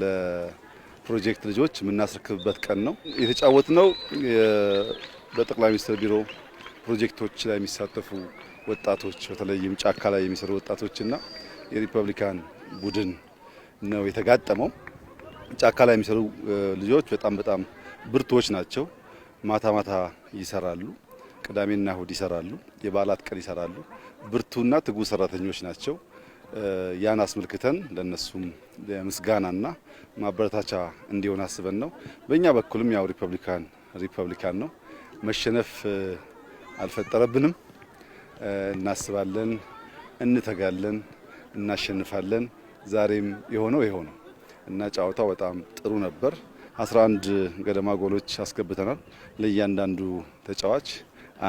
ለፕሮጀክት ልጆች የምናስረክብበት ቀን ነው። የተጫወት ነው በጠቅላይ ሚኒስትር ቢሮ ፕሮጀክቶች ላይ የሚሳተፉ ወጣቶች በተለይም ጫካ ላይ የሚሰሩ ወጣቶችና የሪፐብሊካን ቡድን ነው የተጋጠመው። ጫካ ላይ የሚሰሩ ልጆች በጣም በጣም ብርቶች ናቸው። ማታ ማታ ይሰራሉ፣ ቅዳሜና እሁድ ይሰራሉ፣ የበዓላት ቀን ይሰራሉ። ብርቱና ትጉ ሰራተኞች ናቸው። ያን አስመልክተን ለነሱም ምስጋናና ማበረታቻ እንዲሆን አስበን ነው። በእኛ በኩልም ያው ሪፐብሊካን ሪፐብሊካን ነው መሸነፍ አልፈጠረብንም። እናስባለን፣ እንተጋለን፣ እናሸንፋለን። ዛሬም የሆነው ይኸው ነው እና ጨዋታው በጣም ጥሩ ነበር። 11 ገደማ ጎሎች አስገብተናል። ለእያንዳንዱ ተጫዋች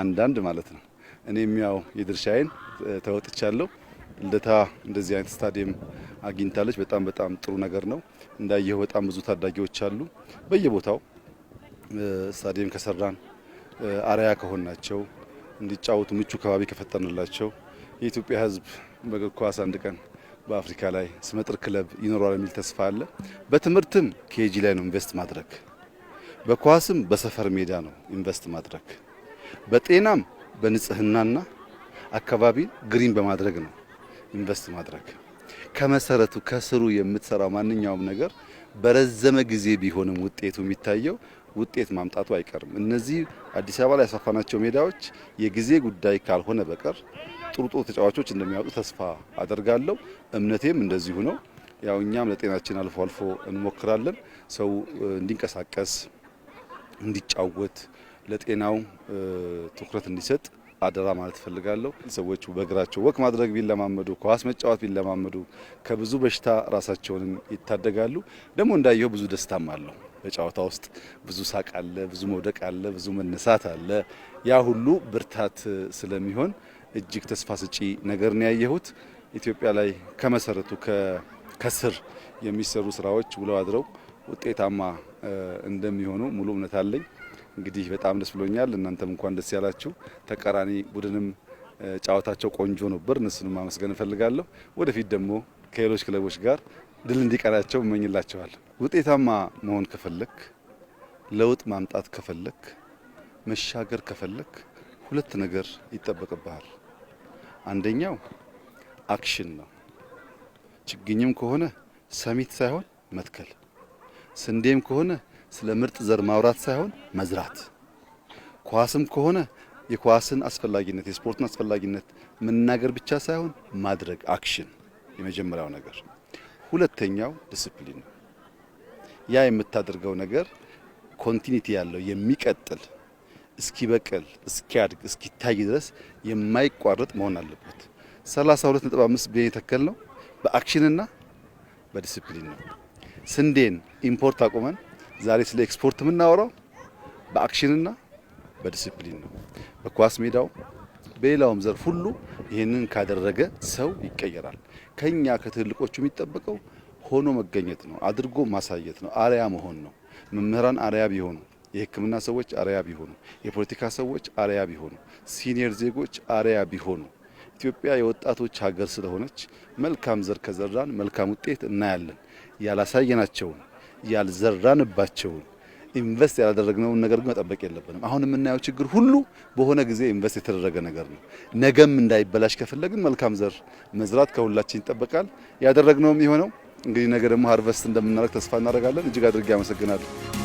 አንዳንድ ማለት ነው። እኔም ያው የድርሻዬን ተወጥቻለሁ። ልደታ እንደዚህ አይነት ስታዲየም አግኝታለች። በጣም በጣም ጥሩ ነገር ነው። እንዳየው በጣም ብዙ ታዳጊዎች አሉ በየቦታው ስታዲየም ከሰራን አርያ ከሆናቸው እንዲጫወቱ ምቹ ከባቢ ከፈጠርንላቸው የኢትዮጵያ ሕዝብ በእግር ኳስ አንድ ቀን በአፍሪካ ላይ ስመጥር ክለብ ይኖረዋል የሚል ተስፋ አለ። በትምህርትም ኬጂ ላይ ነው ኢንቨስት ማድረግ፣ በኳስም በሰፈር ሜዳ ነው ኢንቨስት ማድረግ፣ በጤናም በንጽህናና አካባቢን ግሪን በማድረግ ነው። ኢንቨስት ማድረግ ከመሰረቱ ከስሩ የምትሰራው ማንኛውም ነገር በረዘመ ጊዜ ቢሆንም ውጤቱ የሚታየው ውጤት ማምጣቱ አይቀርም። እነዚህ አዲስ አበባ ላይ ያሳፋናቸው ሜዳዎች የጊዜ ጉዳይ ካልሆነ በቀር ጥሩ ጥሩ ተጫዋቾች እንደሚያወጡ ተስፋ አደርጋለሁ። እምነቴም እንደዚሁ ነው። ያው እኛም ለጤናችን አልፎ አልፎ እንሞክራለን። ሰው እንዲንቀሳቀስ፣ እንዲጫወት፣ ለጤናው ትኩረት እንዲሰጥ አደራ ማለት እፈልጋለሁ። ሰዎች በእግራቸው ወክ ማድረግ ቢለማመዱ፣ ኳስ መጫወት ቢለማመዱ ከብዙ በሽታ ራሳቸውንም ይታደጋሉ። ደግሞ እንዳየው ብዙ ደስታም አለው። በጨዋታ ውስጥ ብዙ ሳቅ አለ፣ ብዙ መውደቅ አለ፣ ብዙ መነሳት አለ። ያ ሁሉ ብርታት ስለሚሆን እጅግ ተስፋ ስጪ ነገር ነው ያየሁት። ኢትዮጵያ ላይ ከመሰረቱ ከስር የሚሰሩ ስራዎች ውለው አድረው ውጤታማ እንደሚሆኑ ሙሉ እምነት አለኝ። እንግዲህ በጣም ደስ ብሎኛል። እናንተም እንኳን ደስ ያላችሁ። ተቃራኒ ቡድንም ጨዋታቸው ቆንጆ ነበር። እነሱንም ማመስገን እፈልጋለሁ። ወደፊት ደግሞ ከሌሎች ክለቦች ጋር ድል እንዲቀናቸው እመኝላቸዋለሁ። ውጤታማ መሆን ከፈለክ፣ ለውጥ ማምጣት ከፈለክ፣ መሻገር ከፈለክ ሁለት ነገር ይጠበቅብሃል። አንደኛው አክሽን ነው። ችግኝም ከሆነ ሰሚት ሳይሆን መትከል፣ ስንዴም ከሆነ ስለ ምርጥ ዘር ማውራት ሳይሆን መዝራት። ኳስም ከሆነ የኳስን አስፈላጊነት የስፖርትን አስፈላጊነት መናገር ብቻ ሳይሆን ማድረግ አክሽን፣ የመጀመሪያው ነገር። ሁለተኛው ዲስፕሊን ነው። ያ የምታደርገው ነገር ኮንቲኒቲ ያለው የሚቀጥል እስኪበቅል እስኪያድግ እስኪታይ ድረስ የማይቋረጥ መሆን አለበት። 32.5 ቢሊዮን የተከልነው በአክሽንና በዲስፕሊን ነው። ስንዴን ኢምፖርት አቁመን ዛሬ ስለ ኤክስፖርት የምናወራው በአክሽንና በዲሲፕሊን ነው። በኳስ ሜዳው በሌላውም ዘርፍ ሁሉ ይህንን ካደረገ ሰው ይቀየራል። ከኛ ከትልቆቹ የሚጠበቀው ሆኖ መገኘት ነው፣ አድርጎ ማሳየት ነው፣ አርያ መሆን ነው። መምህራን አርያ ቢሆኑ፣ የሕክምና ሰዎች አርያ ቢሆኑ፣ የፖለቲካ ሰዎች አርያ ቢሆኑ፣ ሲኒየር ዜጎች አርያ ቢሆኑ፣ ኢትዮጵያ የወጣቶች ሀገር ስለሆነች መልካም ዘር ከዘራን መልካም ውጤት እናያለን። ያላሳየናቸውን ያልዘራንባቸውን ኢንቨስት ያላደረግነውን ነገር ግን መጠበቅ የለብንም። አሁን የምናየው ችግር ሁሉ በሆነ ጊዜ ኢንቨስት የተደረገ ነገር ነው። ነገም እንዳይበላሽ ከፈለግን መልካም ዘር መዝራት ከሁላችን ይጠበቃል። ያደረግነውም የሆነው እንግዲህ ነገ ደግሞ ሀርቨስት እንደምናደርግ ተስፋ እናደርጋለን። እጅግ አድርጌ አመሰግናለሁ።